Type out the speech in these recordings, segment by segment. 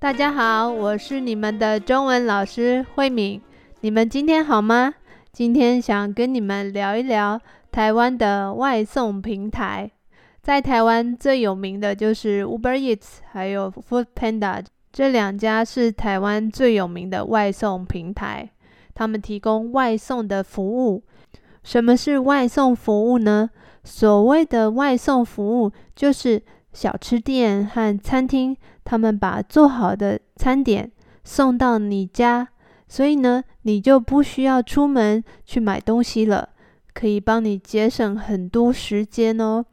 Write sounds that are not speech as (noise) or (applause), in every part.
大家好，我是你們的中文老師慧敏。你們今天好嗎？今天想跟你們聊一聊台灣的外送平台。在台灣最有名的就是 Uber Eats，還有 Food Panda，這兩家是台灣最有名的外送平台。他們提供外送的服務。什麼是外送服務呢？所謂的外送服務就是，小吃店和餐廳，他們把做好的餐點送到你家，所以呢，你就不需要出門去買東西了，可以幫你節省很多時間哦。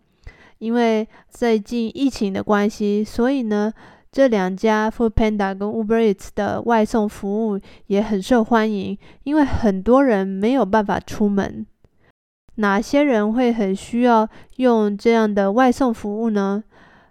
因為最近疫情的關係，所以呢，這兩家 Food Panda 跟 Uber Eats 的外送服務也很受歡迎，因為很多人沒有辦法出門。哪些人會很需要用這樣的外送服務呢？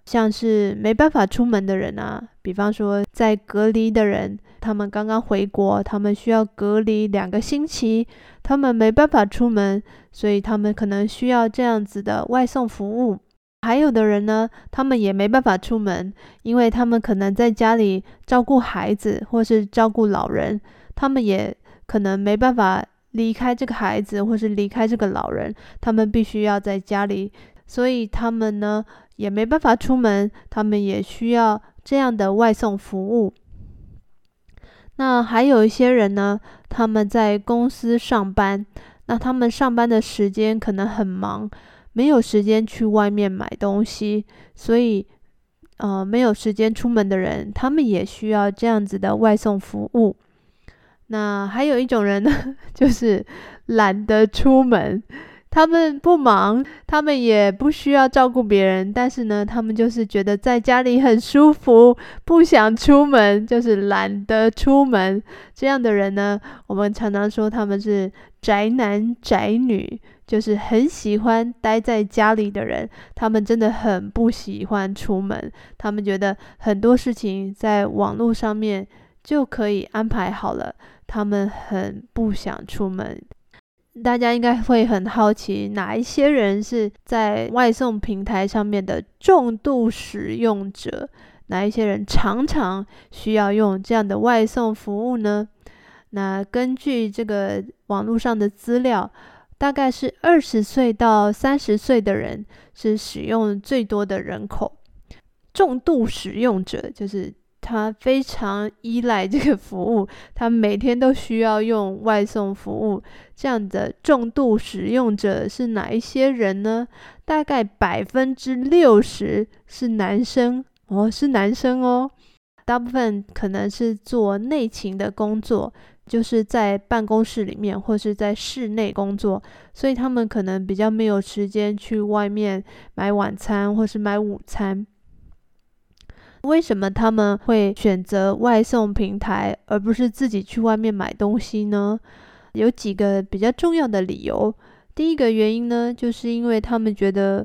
像是沒辦法出門的人啊，比方說在隔離的人，他們剛剛回國，他們需要隔離兩個星期，他們沒辦法出門，所以他們可能需要這樣子的外送服務。還有的人呢，他們也沒辦法出門，因為他們可能在家裡照顧孩子或是照顧老人，他們也可能沒辦法離開這個孩子或是離開這個老人，他們必須要在家裡。所以他們呢，也沒辦法出門，他們也需要這樣的外送服務。那還有一些人呢，他們在公司上班，那他們上班的時間可能很忙，沒有時間去外面買東西，所以，呃，沒有時間出門的人，他們也需要這樣子的外送服務。那還有一種人呢，就是懶得出門。他們不忙，他們也不需要照顧別人，但是呢，他們就是覺得在家裡很舒服，不想出門，就是懶得出門。這樣的人呢，我們常常說他們是宅男宅女，就是很喜歡待在家裡的人。他們真的很不喜歡出門，他們覺得很多事情在網絡上面就可以安排好了，他們很不想出門。大家應該會很好奇，哪一些人是在外送平台上面的重度使用者，哪一些人常常需要用這樣的外送服務呢？那根據這個網絡上的資料，大概是二十歲到三十歲的人是使用最多的人口，重度使用者就是。他非常依賴這個服務，他每天都需要用外送服務。這樣的重度使用者是哪一些人呢？大概百分之六十是男生哦，是男生哦。大部分可能是做內勤的工作，就是在辦公室裡面或是在室內工作，所以他們可能比較沒有時間去外面買晚餐或是買午餐。為什麼他們會選擇外送平台，而不是自己去外面買東西呢？有幾個比較重要的理由。第一個原因呢，就是因為他們覺得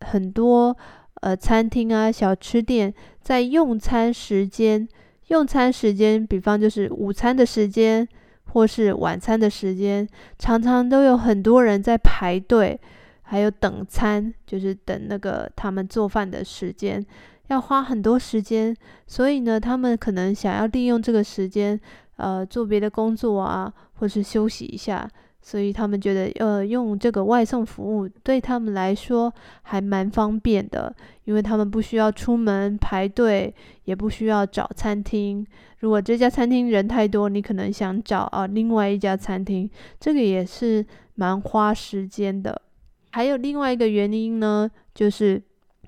很多呃餐廳啊，小吃店在用餐時間，用餐時間，比方就是午餐的時間或是晚餐的時間，常常都有很多人在排隊，還有等餐，就是等那個他們做飯的時間。要花很多時間，所以呢，他們可能想要利用這個時間，呃，做別的工作啊，或是休息一下。所以他們覺得，呃，用這個外送服務對他們來說還蠻方便的，因為他們不需要出門排隊，也不需要找餐廳。如果這家餐廳人太多，你可能想找啊，呃，另外一家餐廳，這個也是蠻花時間的。還有另外一個原因呢，就是。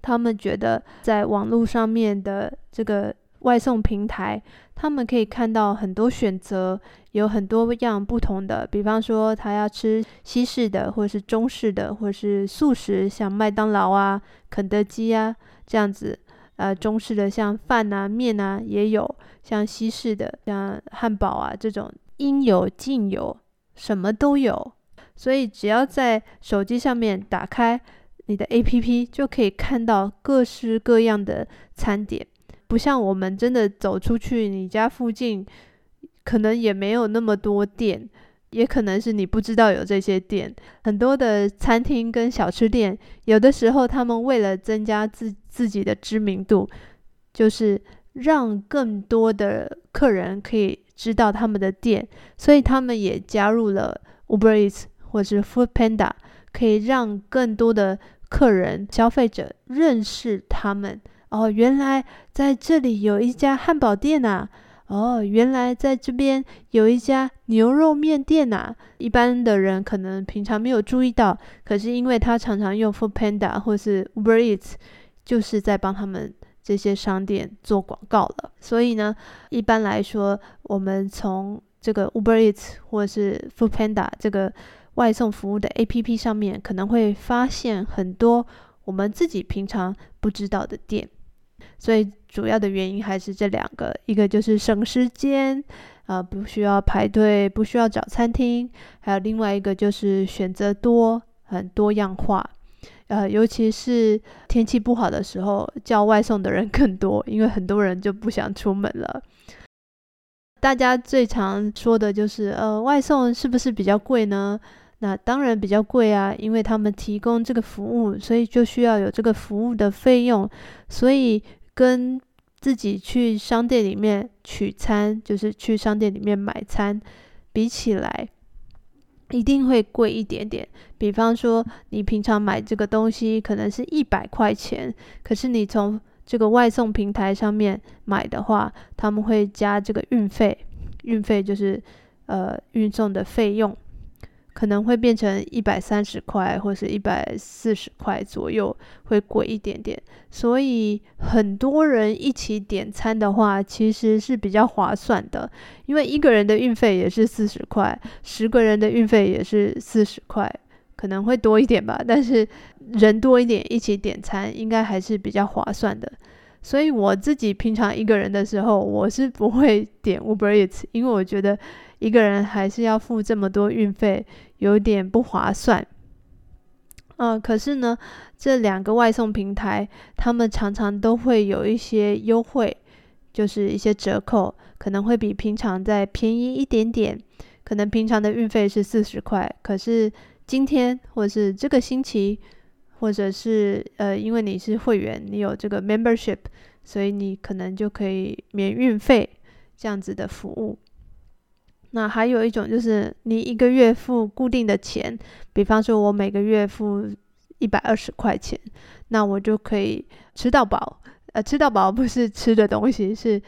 他們覺得在網絡上面的這個外送平台，他們可以看到很多選擇，有很多樣不同的。比方說，他要吃西式的，或者是中式的，或者是素食，像麥當勞啊、肯德基啊這樣子。呃，中式的像飯啊、麵啊也有，像西式的像漢堡啊這種，應有盡有，什麼都有。所以，只要在手機上面打開。你的 APP 就可以看到各式各樣的餐點，不像我們真的走出去，你家附近可能也沒有那麼多店，也可能是你不知道有這些店。很多的餐廳跟小吃店，有的時候他們為了增加自自己的知名度，就是讓更多的客人可以知道他們的店，所以他們也加入了 Uber Eats 或是 Food Panda，可以讓更多的。客人、消費者認識他們哦，原來在這裡有一家漢堡店吶、啊，哦，原來在這邊有一家牛肉麵店吶、啊。一般的人可能平常沒有注意到，可是因為他常常用 Food Panda 或是 Uber Eats，就是在幫他們這些商店做廣告了。所以呢，一般來說，我們從這個 Uber Eats 或是 Food Panda 這個。外送服務的 APP 上面可能會發現很多我們自己平常不知道的店，所以主要的原因還是這兩個，一個就是省時間，啊，呃，不需要排隊，不需要找餐廳，還有另外一個就是選擇多，很多樣化，呃，尤其是天氣不好的時候，叫外送的人更多，因為很多人就不想出門了。大家最常說的就是，呃，外送是不是比較貴呢？那當然比較貴啊，因為他們提供這個服務，所以就需要有這個服務的費用，所以跟自己去商店裡面取餐，就是去商店裡面買餐比起來，一定會貴一點點。比方說，你平常買這個東西可能是一百塊錢，可是你從這個外送平台上面買的話，他們會加這個運費，運費就是呃運送的費用。可能會變成一百三十塊或是一百四十塊左右，會貴一點點。所以很多人一起點餐的話，其實是比較划算的，因為一個人的運費也是四十塊，十個人的運費也是四十塊，可能會多一點吧。但是人多一點一起點餐，應該還是比較划算的。所以我自己平常一個人的時候，我是不會點 Uber Eats，因為我覺得一個人還是要付這麼多運費，有點不划算。嗯、呃，可是呢，這兩個外送平台，他們常常都會有一些優惠，就是一些折扣，可能會比平常再便宜一點點。可能平常的運費是四十塊，可是今天或者是這個星期，或者是呃，因為你是會員，你有這個 membership，所以你可能就可以免運費這樣子的服務。那還有一種就是你一個月付固定的錢，比方說我每個月付一百二十塊錢，那我就可以吃到飽。呃，吃到飽不是吃的東西，是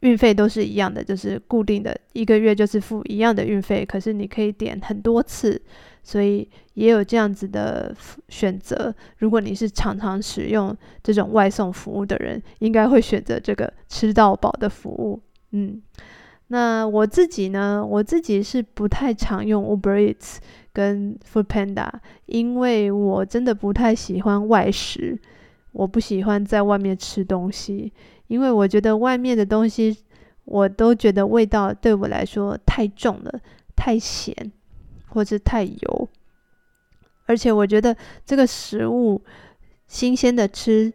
運費都是一樣的，就是固定的，一個月就是付一樣的運費，可是你可以點很多次。所以也有這樣子的選擇。如果你是常常使用這種外送服務的人，應該會選擇這個吃到飽的服務。嗯，那我自己呢？我自己是不太常用 Uber Eats 跟 Food Panda，因為我真的不太喜歡外食，我不喜歡在外面吃東西，因為我覺得外面的東西我都覺得味道對我來說太重了，太鹹，或是太油，而且我覺得這個食物新鮮的吃，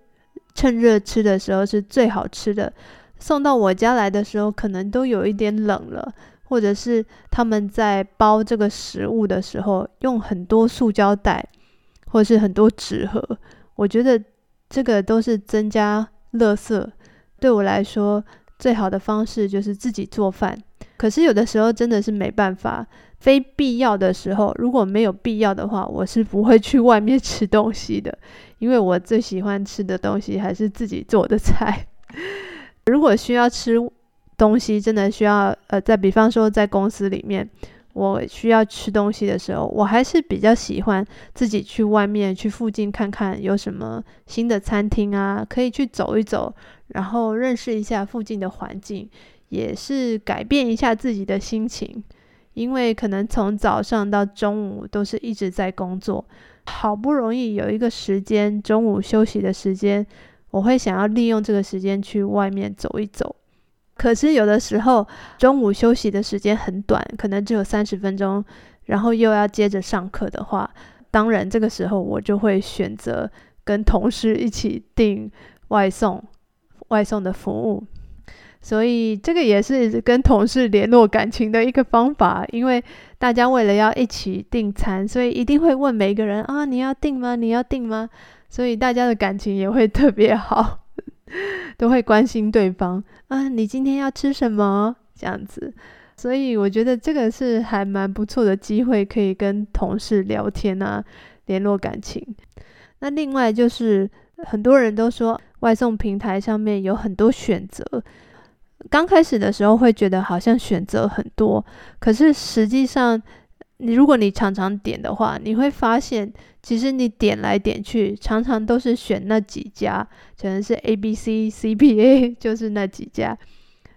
趁熱吃的時候是最好吃的。送到我家來的時候，可能都有一點冷了，或者是他們在包這個食物的時候用很多塑膠袋，或是很多紙盒，我覺得這個都是增加垃圾。對我來說，最好的方式就是自己做飯。可是有的時候真的是沒辦法。非必要的時候，如果沒有必要的話，我是不會去外面吃東西的，因為我最喜歡吃的東西還是自己做的菜。 (laughs) 如果需要吃東西，真的需要，呃，在比方說在公司裡面，我需要吃東西的時候，我還是比較喜歡自己去外面，去附近看看有什麼新的餐廳啊，可以去走一走，然後認識一下附近的環境，也是改變一下自己的心情。因為可能從早上到中午都是一直在工作，好不容易有一個時間，中午休息的時間，我會想要利用這個時間去外面走一走。可是有的時候中午休息的時間很短，可能只有三十分鐘，然後又要接着上課的話，當然這個時候我就會選擇跟同事一起訂外送，外送的服務。所以這個也是跟同事聯絡感情的一個方法，因為大家為了要一起訂餐，所以一定會問每個人啊：“你要訂嗎？你要訂嗎？”所以大家的感情也會特別好，都會關心對方啊：“你今天要吃什麼？”這樣子。所以我覺得這個是還蠻不錯的機會，可以跟同事聊天啊，聯絡感情。那另外就是很多人都說，外送平台上面有很多選擇。剛開始的時候會覺得好像選擇很多，可是實際上，你如果你常常點的話，你會發現其實你點來點去，常常都是選那幾家，可能是 A、B、C、C、B、A，就是那幾家。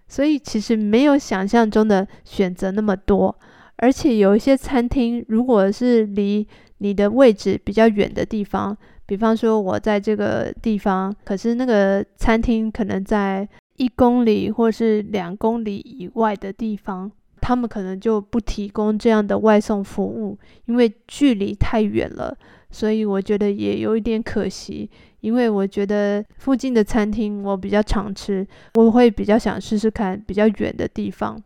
所以其實沒有想象中的選擇那麼多，而且有一些餐廳，如果是離你的位置比較遠的地方，比方說我在這個地方，可是那個餐廳可能在。一公里或是兩公里以外的地方，他們可能就不提供這樣的外送服務，因為距離太遠了。所以我覺得也有一點可惜，因為我覺得附近的餐廳我比較常吃，我會比較想試試看比較遠的地方。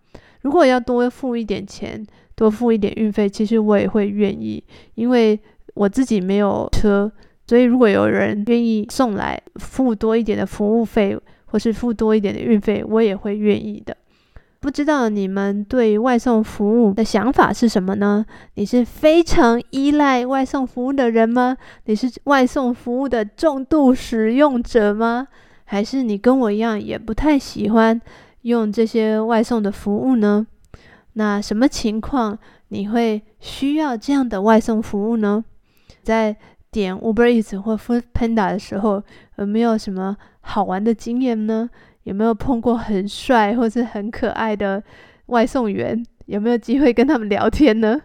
如果要多付一點錢，多付一點運費，其實我也會願意，因為我自己沒有車，所以如果有人願意送來，付多一點的服務費。或是付多一點的運費，我也會願意的。不知道你們對外送服務的想法是什麼呢？你是非常依賴外送服務的人嗎？你是外送服務的重度使用者嗎？還是你跟我一樣也不太喜歡用這些外送的服務呢？那什麼情況你會需要這樣的外送服務呢？在點 Uber Eats 或 Food Panda 的時候，有沒有什麼好玩的經驗呢？有沒有碰過很帥或是很可愛的外送員？有沒有機會跟他們聊天呢？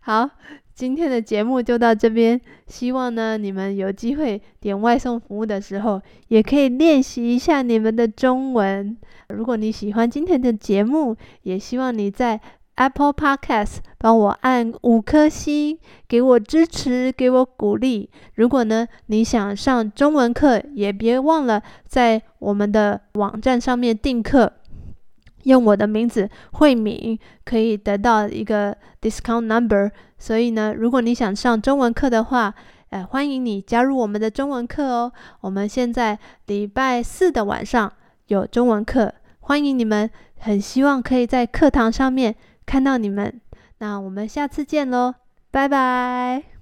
好，今天的節目就到這邊。希望呢，你們有機會點外送服務的時候，也可以練習一下你們的中文。如果你喜歡今天的節目，也希望你在 Apple Podcasts，幫我按五顆星，給我支持，給我鼓勵。如果呢，你想上中文課，也別忘了在我們的網站上面訂課，用我的名字慧敏可以得到一個 discount number。所以呢，如果你想上中文課的話，哎、呃，歡迎你加入我們的中文課哦。我們現在禮拜四的晚上有中文課，歡迎你們，很希望可以在課堂上面。看到你們，那我們下次見嘍，拜拜。